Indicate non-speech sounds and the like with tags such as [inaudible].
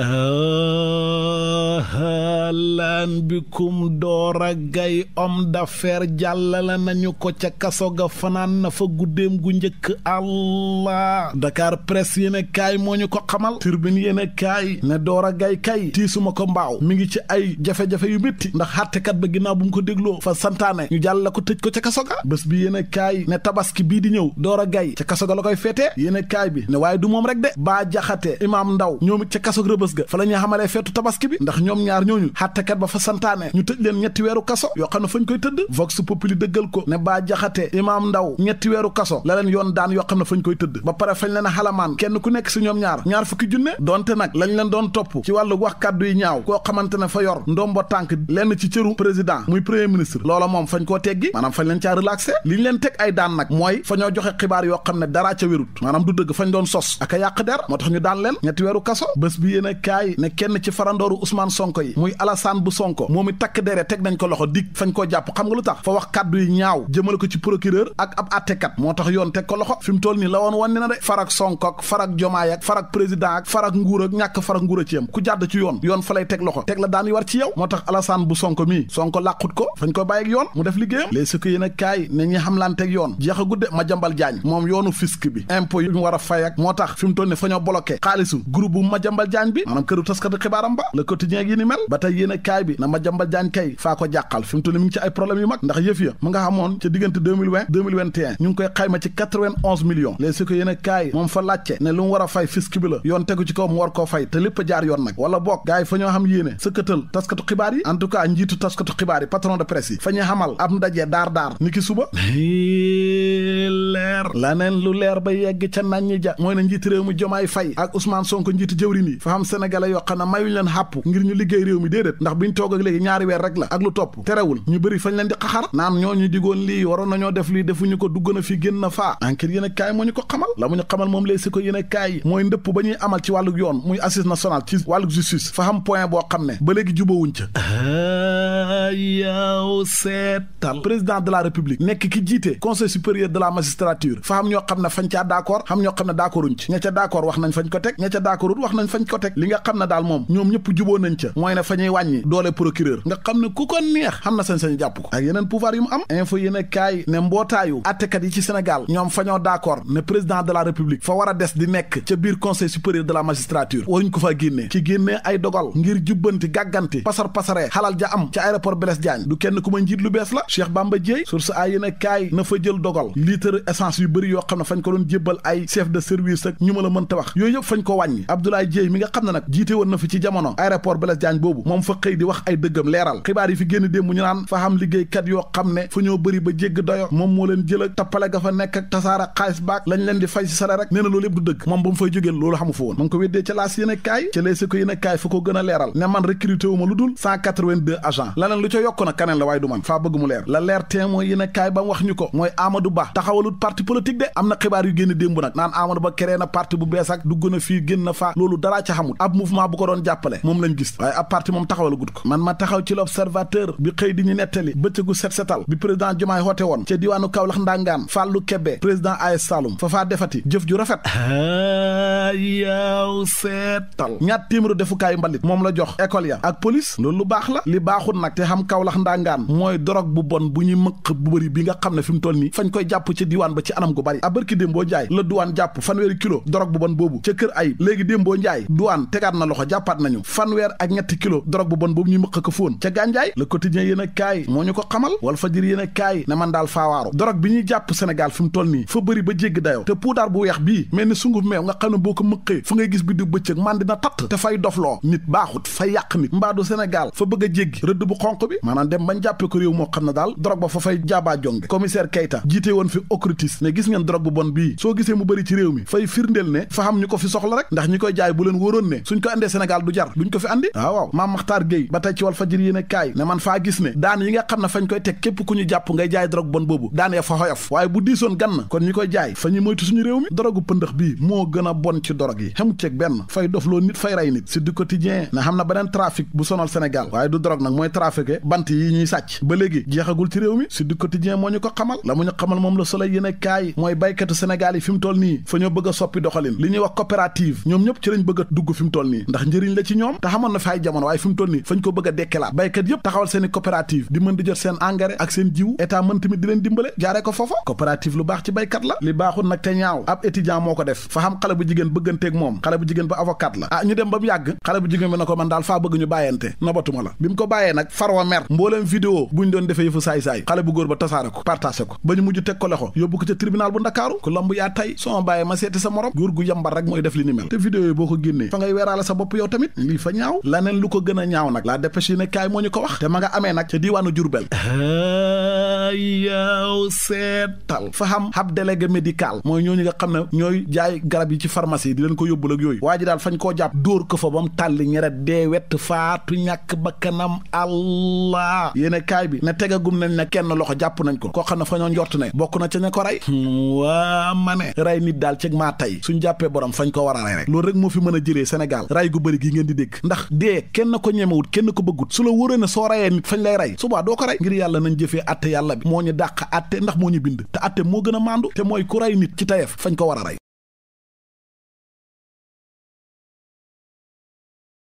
Oh. marhaban bikum Dora Gaye homme d'affaires jàllale nañu ko ca kaso ga fanaan na fa guddeem gu njëkk allah Dakar Presse yéen kaay moo ñu ko xamal Tribune yéen kaay ne Dora Gaye kay tiisuma ko mbaaw mi ngi ci ay jafe-jafe yu métti ndax xàttekat ba ginnaaw bu mu ko dégloo fa santaane ñu jàllale ko tëj ko ca kaso ga bés bi yéen kaay ne tabaski bii di ñëw Dora Gaye ca kaso ga la koy feetee yéen kaay bi ne waaye du moom rek de baa jaxate imaam ndaw ñoom ca kaso rëbës ga fa la ñuy feetu tabaski bi ndax ñoom ñaar ñooñu xàttekat ba fa santaane ñu tëj leen ñetti weeru kaso yoo xam ne fañ koy tëdd vox populi dëggal ko ne baa jaxate imaam ndaw ñetti weeru kaso la leen yoon daan yoo xam ne fañ koy tëdd ba pare fañ leen a kenn ku nekk si ñoom ñaar ñaar fukki junne donte nag lañ leen doon topp ci wàllu wax kàddu yi ñaaw koo xamante ne fa yor ndombo tànk lenn ci cëru président muy premier ministre loola moom fañ koo teggi maanaam fañ leen caa relaxé li ñu leen teg ay daan nag mooy fa ñoo joxe xibaar yoo xam ne maanaam du dëgg fañ doon sos yàq moo tax ñu daan leen ñetti kaso bés kenn ci farandooru Ousmane Sonko yi muy Alassane bu Sonko moom it takk dere teg nañ ko loxo dig fañ ko jàpp xam nga lu tax fa wax kàddu yi ñaaw jëmale ko ci procureur ak ab àttekat moo tax yoon teg ko loxo fi mu nii la woon wan ni na de farak Sonko ak Jomaay ak farak président ak farak nguur ak ñàkk farak nguur a ci ku jàdd ci yoon yoon fa lay teg loxo teg la daan yu war ci yow moo tax Alassane bu Sonko mii Sonko làqut ko fañ ko bàyyi yoon mu def liggéeyam léegi su ko yéen kaay ne ñi xamlanteeg bi na ma jambal jaañ kay faa ko jàqal fi mu toll ci ay problème yu mag ndax yëf ya mu nga xamoon ca diggante 2020 koy xayma ci 91 millions si ko yéen a kaay moom fa laajte ne lu mu a fay fisc yoon tegu ci kaw mu war koo fay te lépp jaar yoon nag wala boog gars fa ñoo xam yéene sëkkatal taskatu xibaar yi en njiitu taskatu xibaar yi patron de presse yi fa ñu xamal ab ndaje daar daar ni ki suba [laughs] leer laneen lu leer ba yegg ca naññi ja mooy toog ak léegi ñaari weer rek la ak lu topp terewul ñu bëri fañ leen di xaxar naam ñoo ñu lii waroon nañoo def lii defuñu ko dugg na fi génn faa enquête yéen a moo ñu ko xamal la mu ñu xamal moom léeg si ko yéen a kaay mooy ndëpp ba ñuy amal ci wàllu yoon muy assise nationale ci wàllu justice fa xam boo xam ne ba léegi jubawuñ ca yaaw seetal président de la république nekk ki jiite conseil supérieur de la magistrature fa ñoo xam doole procureur nga xam ne ku ko neex xam na sañ-sañ jàpp ko ak yeneen pouvoir yu am info yi ne kaay ne mbootaayu attekat yi ci Sénégal ñoom fa ñoo d'accord ne président de la république fa war a des di nekk ca biir conseil supérieur de la magistrature waruñ ko fa génnee ci génnee ay dogal ngir jubbanti gàgganti pasar pasaree xalal ja am ci aéroport Blaise Diagne du kenn ku ma njiit lu bees la Cheikh Bamba Dièye source ay yéen kaay na fa jël dogal litre essence yu bëri yoo xam ne fañ ko doon jébbal ay chef de service ak ñu ma la mënta wax yooyu yëpp fañ ko wàññi Abdoulaye Dièye mi nga xam ne nag jiite woon na fi ci jamono aéroport Blaise Diagne boobu ay dëggam leeral xibaar yi fi génn démb ñu naan fa xam liggéeykat yoo xam ne fu ñoo bëri ba jégg doyo moom moo leen jël ak tappale ga fa nekk ak tasaara xaalis baak lañ leen di fay si sare rek nee loolu yëpp du dëgg moom ba fay jógee loolu xamu fa woon ko weddee ca laas yéen a kaay ca leesi ko yéen a kaay fa ko gën a leeral ne man recruté wu ma lu dul 182 agent laneen lu ca yokk na kaneen la waaye du man faa bëgg mu leer la leer témoin yéen a kaay wax ñu ko mooy Amadou Ba taxawalut parti politique de na xibaar yu génn démb na parti bu bees ak dugg na fii génn na faa loolu daraa ca xamul ab mouvement ko doon jàppale moom lañ gis waaye ab parti moom ko man ma taxaw ci l'observateur bi xëy di ñu nettali bëccëgu set setal bi président Diomaye xoote woon ca diwaanu Kaolack ndangaan Fallou Kébé président AS Saloum fa faa defati jëf ju rafet yaaw seetal ñaat téeméeru defukaayu mbalit moom la jox école ya ak police loolu lu baax la li baaxul nag te xam Kaolack ndangaan mooy dorog bu bon bu ñuy mëq bu bëri bi nga xam ne fi mu toll nii fañ koy jàpp ci diwaan ba ci anam gu bari abarki démboo jaay la duwaan jàpp fanweeri kilo dorog bu bon boobu ca kër ayib léegi démboo njaay duwaan tegaat na loxo jàppaat nañu fanweer ak ñetti kilo dorog bu bon boobu ñuy mëq ko fóon ca gànjaay le quotidien yéen a kaay moo ñu ko xamal wal fajir yéen a kaay ne man daal faawaaru dorog bi ñuy jàpp Sénégal fi mu toll nii fa bëri ba jégg dayo te puudar bu weex bii mel ni sunguf meew nga xam ne boo ko mëqee fu ngay gis bi di bëccëg man dina tatt te fay dofloo nit baaxut fay yàq nit mbaadu Sénégal fa bëgg a jéggi rëdd bu xonq bi maanaam dem bañ jàppee ko réew moo xam ne daal dorog ba fa fay jaabaa jonge commissaire Keita jiite woon fi OCRTIS ne gis ngeen dorog bu bon bii soo gisee mu bëri ci réew mi fay firndeel ne ko fi soxla rek ndax ñi koy jaay bu leen wóoroon ne suñ ko andee Sénégal du jar duñ ko fi andi waaw waaw ba tey ci wal fajir yéen kaay ne man faa gis ne daan yi nga xam ne fañ koy teg képp ku ñu jàpp ngay jaay drogue bon boobu daan ya fa xoyof waaye bu diisoon gann kon ñi koy jaay fa ñuy moytu suñu réew mi drogue pëndëx bi moo gën a bon ci drogue yi xemu ceeg benn fay dof nit fay ray nit si du quotidien na xam na beneen trafic bu sonal Sénégal waaye du drogue nag mooy trafiqué bant yi ñuy sàcc ba léegi jeexagul ci réew mi si du quotidien moo ñu ko xamal la mu moom la soleil yéen kaay mooy baykatu Sénégal yi fi mu toll nii fa ñoo bëgg a soppi li ñuy wax coopérative ñoom ñëpp ci lañ bëgg fi mu toll nii ndax la ci ñoom te xamoon na fay jamono waaye fi ko bëgg a dekkelaat béykat yëpp taxawal seen i di mën di jot seen engrais ak seen jiwu état mën tamit di leen dimbale jaaree ko foofa coopérative lu baax ci béykat la li baaxul nag te ñaaw ab étudiant moo ko def fa xam xale bu jigéen bëgganteeg moom xale bu jigéen ba avocat la ah ñu dem ba mu yàgg xale bu jigéen bi na ko man daal faa bëgg ñu bàyyante nabatuma la bi mu ko bàyyee nag farwa mer mbooleem vidéo bu ñu doon defee yëfu saay-saay la dépêche yéene kaay moo ñu ko wax te ma nga amee nag ca diiwaanu Jurbel yow seetal fa xam ab délégué médical mooy ñooñu nga xam ne ñooy jaay garab yi ci pharmacie di leen ko yóbbu ak yooyu waa ji daal fañ koo jàpp dóor ko fa ba mu tàlli ñeret dee wett faatu ñàkk bakkanam allah yéene kaay bi ne tegagum nañ ne kenn loxo jàpp nañ ko koo xam ne fa ñoo njort ne bokk na ca ña ko rey hmm, waa ma ne rey nit daal ci maa tey suñ jàppee borom fañ koo war a loolu rek moo fi mën a jëlee Sénégal rey gu bëri gi ngeen di dégg ndax kenn ko bëggut su la wóoree ne soo rayee nit fañ lay rey subaa doo ko rey ngir yàlla nañ jëfee atte yàlla bi moo ñu dàq atte ndax moo ñu bind te atte moo gën a màndu te mooy ku rey nit ci tayef fañ ko war a rey